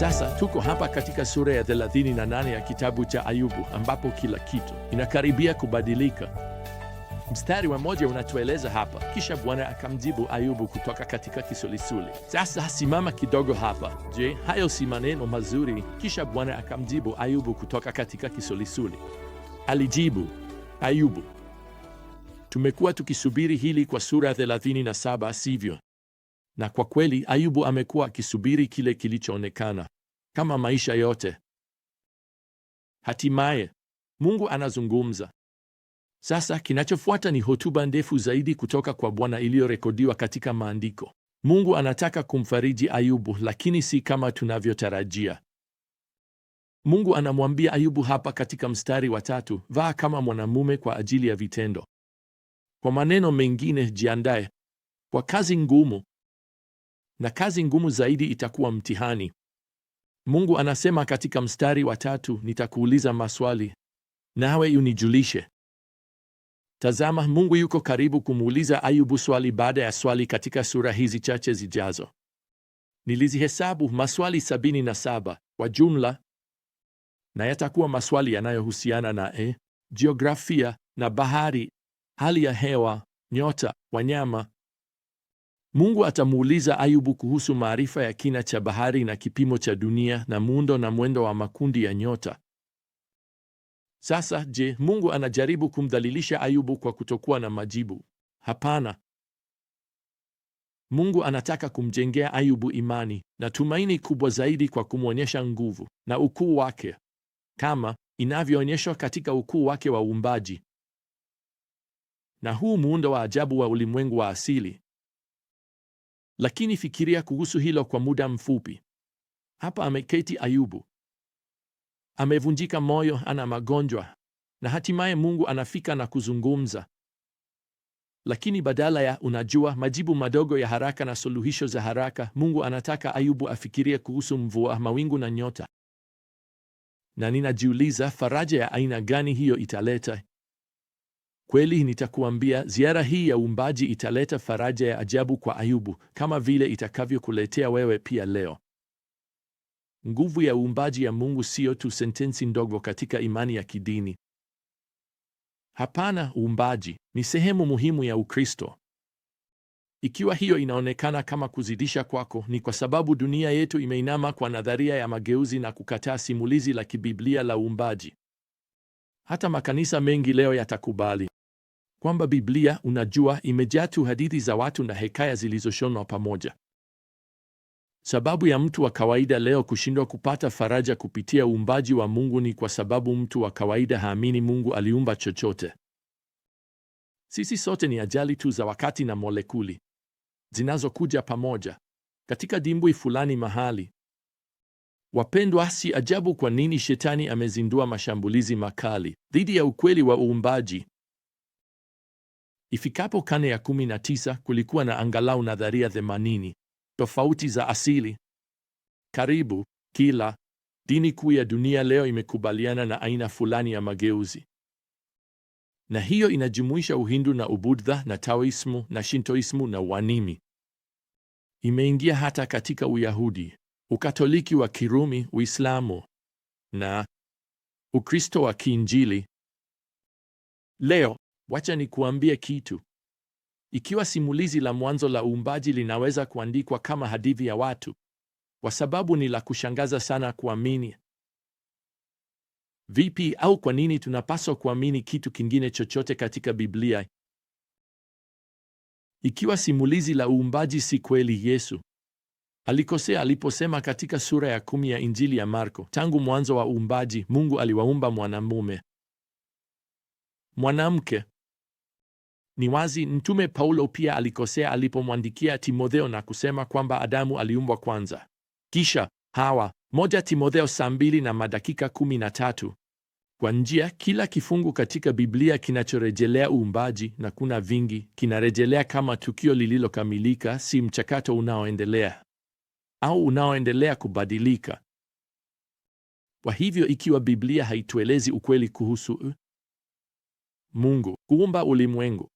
Sasa tuko hapa katika sura ya 38 ya kitabu cha Ayubu ambapo kila kitu inakaribia kubadilika. Mstari wa moja unatueleza hapa: kisha Bwana akamjibu Ayubu kutoka katika kisulisuli. Sasa simama kidogo hapa. Je, hayo si maneno mazuri? Kisha Bwana akamjibu Ayubu kutoka katika kisulisuli. Alijibu Ayubu. Tumekuwa tukisubiri hili kwa sura 37, sivyo? Na kwa kweli Ayubu amekuwa akisubiri kile kilichoonekana kama maisha yote. Hatimaye Mungu anazungumza. Sasa kinachofuata ni hotuba ndefu zaidi kutoka kwa Bwana iliyorekodiwa katika maandiko. Mungu anataka kumfariji Ayubu, lakini si kama tunavyotarajia. Mungu anamwambia Ayubu hapa katika mstari wa tatu, vaa kama mwanamume kwa ajili ya vitendo. Kwa maneno mengine, jiandae kwa kazi ngumu na kazi ngumu zaidi itakuwa mtihani. Mungu anasema katika mstari wa tatu, nitakuuliza maswali nawe unijulishe. Tazama, Mungu yuko karibu kumuuliza Ayubu swali baada ya swali katika sura hizi chache zijazo. Nilizihesabu maswali sabini na saba kwa jumla, na yatakuwa maswali yanayohusiana na e, jiografia na bahari, hali ya hewa, nyota, wanyama, Mungu atamuuliza Ayubu kuhusu maarifa ya kina cha bahari na kipimo cha dunia na muundo na mwendo wa makundi ya nyota. Sasa je, Mungu anajaribu kumdhalilisha Ayubu kwa kutokuwa na majibu? Hapana. Mungu anataka kumjengea Ayubu imani na tumaini kubwa zaidi kwa kumwonyesha nguvu na ukuu wake kama inavyoonyeshwa katika ukuu wake wa uumbaji na huu muundo wa ajabu wa ulimwengu wa asili. Lakini fikiria kuhusu hilo kwa muda mfupi. Hapa ameketi Ayubu, amevunjika moyo, ana magonjwa, na hatimaye Mungu anafika na kuzungumza. Lakini badala ya unajua, majibu madogo ya haraka na suluhisho za haraka, Mungu anataka Ayubu afikirie kuhusu mvua, mawingu na nyota. Na ninajiuliza faraja ya aina gani hiyo italeta? Kweli nitakuambia, ziara hii ya uumbaji italeta faraja ya ajabu kwa Ayubu, kama vile itakavyokuletea wewe pia leo. Nguvu ya uumbaji ya Mungu siyo tu sentensi ndogo katika imani ya kidini. Hapana, uumbaji ni sehemu muhimu ya Ukristo. Ikiwa hiyo inaonekana kama kuzidisha kwako, ni kwa sababu dunia yetu imeinama kwa nadharia ya mageuzi na kukataa simulizi la kibiblia la uumbaji. Hata makanisa mengi leo yatakubali kwamba Biblia, unajua, imejaa tu hadithi za watu na hekaya zilizoshonwa pamoja. Sababu ya mtu wa kawaida leo kushindwa kupata faraja kupitia uumbaji wa Mungu ni kwa sababu mtu wa kawaida haamini Mungu aliumba chochote. Sisi sote ni ajali tu za wakati na molekuli zinazokuja pamoja katika dimbwi fulani mahali. Wapendwa, si ajabu kwa nini shetani amezindua mashambulizi makali dhidi ya ukweli wa uumbaji. Ifikapo karne ya 19 kulikuwa na angalau nadharia 80 tofauti za asili. Karibu kila dini kuu ya dunia leo imekubaliana na aina fulani ya mageuzi, na hiyo inajumuisha Uhindu na Ubudha na Taoismu na Shintoismu na Uanimi. Imeingia hata katika Uyahudi, Ukatoliki wa Kirumi, Uislamu na Ukristo wa Kiinjili. Leo Wacha nikuambie kitu. Ikiwa simulizi la mwanzo la uumbaji linaweza kuandikwa kama hadithi ya watu, kwa sababu ni la kushangaza sana kuamini. Vipi au kwa nini tunapaswa kuamini kitu kingine chochote katika Biblia? Ikiwa simulizi la uumbaji si kweli, Yesu alikosea aliposema katika sura ya kumi ya Injili ya Marko, tangu mwanzo wa uumbaji Mungu aliwaumba mwanamume, mwanamke ni wazi mtume Paulo pia alikosea alipomwandikia Timotheo na kusema kwamba Adamu aliumbwa kwanza kisha Hawa. Moja Timotheo saa mbili na madakika kumi na tatu. Kwa njia, kila kifungu katika Biblia kinachorejelea uumbaji, na kuna vingi, kinarejelea kama tukio lililokamilika, si mchakato unaoendelea au unaoendelea kubadilika. Kwa hivyo, ikiwa Biblia haituelezi ukweli kuhusu uh, Mungu kuumba ulimwengu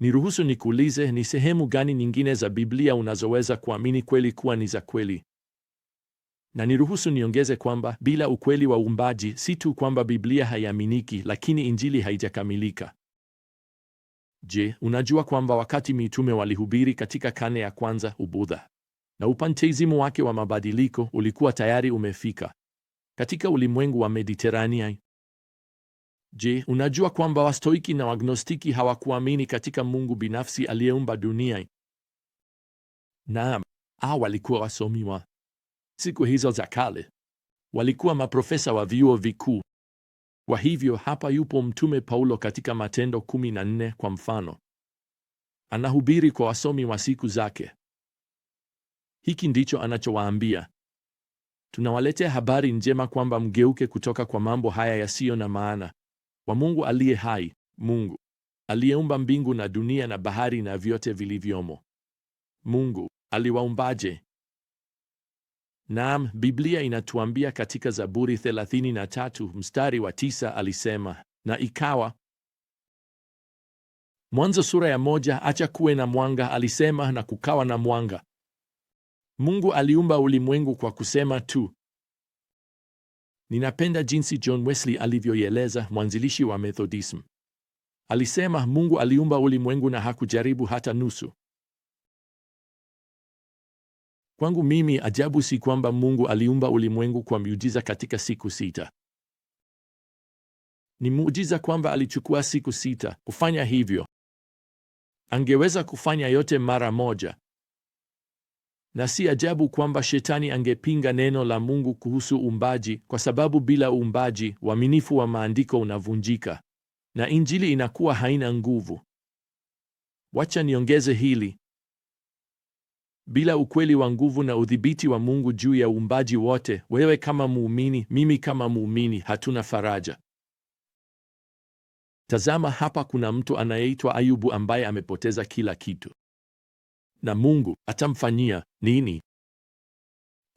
Niruhusu nikuulize, ni sehemu gani nyingine za Biblia unazoweza kuamini kweli kuwa ni za kweli? Na niruhusu niongeze kwamba bila ukweli wa uumbaji, si tu kwamba Biblia haiaminiki, lakini injili haijakamilika. Je, unajua kwamba wakati mitume walihubiri katika kane ya kwanza, Ubudha na upantezimu wake wa mabadiliko ulikuwa tayari umefika katika ulimwengu wa Mediterania? Je, unajua kwamba Wastoiki na Wagnostiki hawakuamini katika Mungu binafsi aliyeumba dunia? Naam, hao walikuwa wasomiwa siku hizo za kale, walikuwa maprofesa wa vyuo vikuu. Kwa hivyo hapa yupo mtume Paulo katika Matendo 14 kwa mfano, anahubiri kwa wasomi wa siku zake. Hiki ndicho anachowaambia: tunawaletea habari njema kwamba mgeuke kutoka kwa mambo haya yasiyo na maana kwa Mungu aliye hai, Mungu aliyeumba mbingu na dunia na bahari na vyote vilivyomo. Mungu aliwaumbaje? Naam, Biblia inatuambia katika Zaburi 33 mstari wa tisa alisema na ikawa. Mwanzo sura ya moja, acha kuwe na mwanga, alisema na kukawa na mwanga. Mungu aliumba ulimwengu kwa kusema tu. Ninapenda jinsi John Wesley alivyoieleza, mwanzilishi wa Methodism. Alisema Mungu aliumba ulimwengu na hakujaribu hata nusu. Kwangu mimi, ajabu si kwamba Mungu aliumba ulimwengu kwa miujiza katika siku sita. Ni muujiza kwamba alichukua siku sita kufanya hivyo. Angeweza kufanya yote mara moja. Na si ajabu kwamba shetani angepinga neno la Mungu kuhusu uumbaji, kwa sababu bila uumbaji uaminifu wa maandiko unavunjika na injili inakuwa haina nguvu. Wacha niongeze hili: bila ukweli wa nguvu na udhibiti wa Mungu juu ya uumbaji wote, wewe kama muumini, mimi kama muumini, hatuna faraja. Tazama, hapa kuna mtu anayeitwa Ayubu ambaye amepoteza kila kitu na Mungu atamfanyia nini?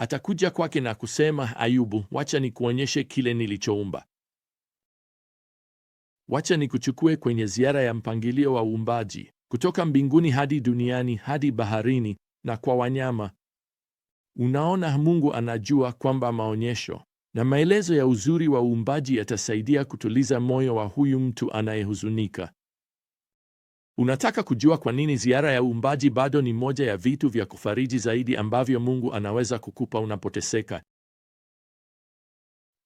Atakuja kwake na kusema, Ayubu, wacha nikuonyeshe kile nilichoumba, wacha nikuchukue kwenye ziara ya mpangilio wa uumbaji, kutoka mbinguni hadi duniani hadi baharini na kwa wanyama. Unaona, Mungu anajua kwamba maonyesho na maelezo ya uzuri wa uumbaji yatasaidia kutuliza moyo wa huyu mtu anayehuzunika. Unataka kujua kwa nini ziara ya uumbaji bado ni moja ya vitu vya kufariji zaidi ambavyo Mungu anaweza kukupa unapoteseka?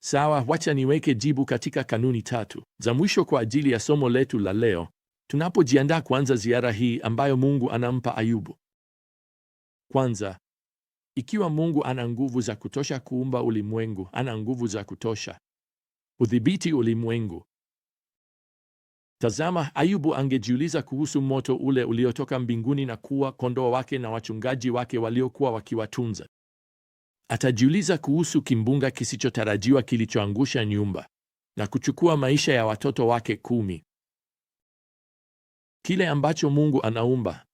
Sawa, wacha niweke jibu katika kanuni tatu za mwisho kwa ajili ya somo letu la leo, tunapojiandaa kuanza ziara hii ambayo Mungu anampa Ayubu. Kwanza, ikiwa Mungu ana nguvu za kutosha kuumba ulimwengu, ana nguvu za kutosha udhibiti ulimwengu. Tazama, Ayubu angejiuliza kuhusu moto ule uliotoka mbinguni na kuwa kondoo wake na wachungaji wake waliokuwa wakiwatunza. Atajiuliza kuhusu kimbunga kisichotarajiwa kilichoangusha nyumba na kuchukua maisha ya watoto wake kumi. Kile ambacho Mungu anaumba,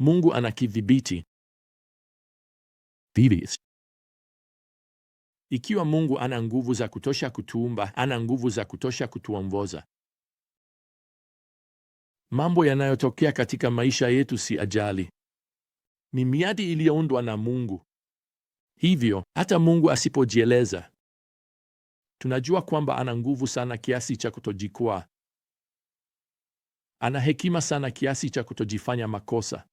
Mungu anakidhibiti. Ikiwa Mungu ana nguvu za kutosha kutuumba, ana nguvu za kutosha kutuongoza. Mambo yanayotokea katika maisha yetu si ajali, ni miadi iliyoundwa na Mungu. Hivyo hata Mungu asipojieleza, tunajua kwamba ana nguvu sana kiasi cha kutojikwaa, ana hekima sana kiasi cha kutojifanya makosa.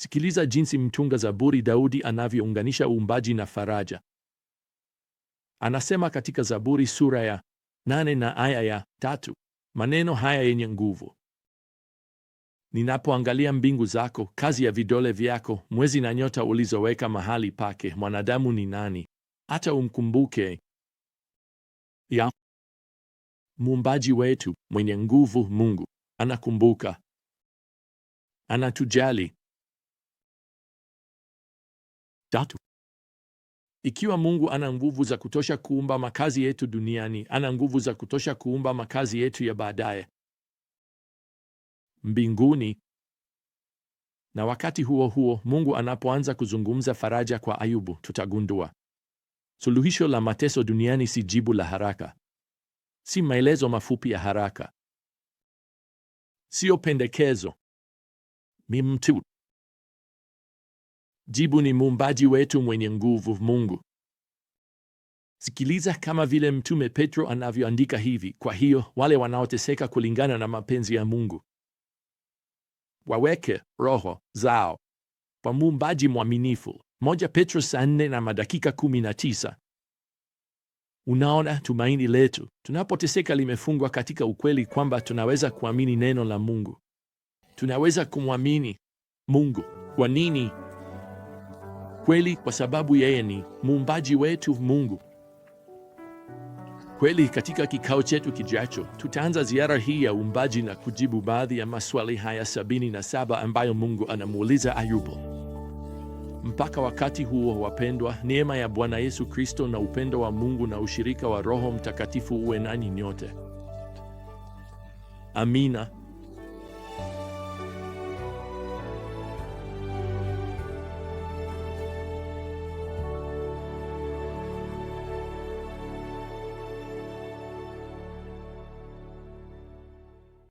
Sikiliza jinsi mtunga zaburi Daudi anavyounganisha uumbaji na faraja. Anasema katika Zaburi sura ya nane na aya ya tatu maneno haya yenye nguvu: ninapoangalia mbingu zako, kazi ya vidole vyako, mwezi na nyota ulizoweka mahali pake, mwanadamu ni nani hata umkumbuke? Ya muumbaji wetu mwenye nguvu, Mungu anakumbuka, anatujali. Tatu, ikiwa Mungu ana nguvu za kutosha kuumba makazi yetu duniani, ana nguvu za kutosha kuumba makazi yetu ya baadaye mbinguni. Na wakati huo huo, Mungu anapoanza kuzungumza faraja kwa Ayubu, tutagundua suluhisho la mateso duniani si jibu la haraka, si maelezo mafupi ya haraka, siyo pendekezo, ni Jibu ni muumbaji wetu mwenye nguvu, Mungu. Sikiliza kama vile mtume Petro anavyoandika hivi: kwa hiyo wale wanaoteseka kulingana na mapenzi ya Mungu waweke roho zao kwa muumbaji mwaminifu. Moja Petro saa nne na madakika kumi na tisa. Unaona, tumaini letu tunapoteseka limefungwa katika ukweli kwamba tunaweza kuamini neno la Mungu, tunaweza kumwamini Mungu. Kwa nini? kweli, kwa sababu yeye ni muumbaji wetu Mungu. Kweli, katika kikao chetu kijacho tutaanza ziara hii ya uumbaji na kujibu baadhi ya maswali haya sabini na saba ambayo Mungu anamuuliza Ayubu. Mpaka wakati huo, wapendwa, neema ya Bwana Yesu Kristo na upendo wa Mungu na ushirika wa Roho Mtakatifu uwe nanyi nyote. Amina.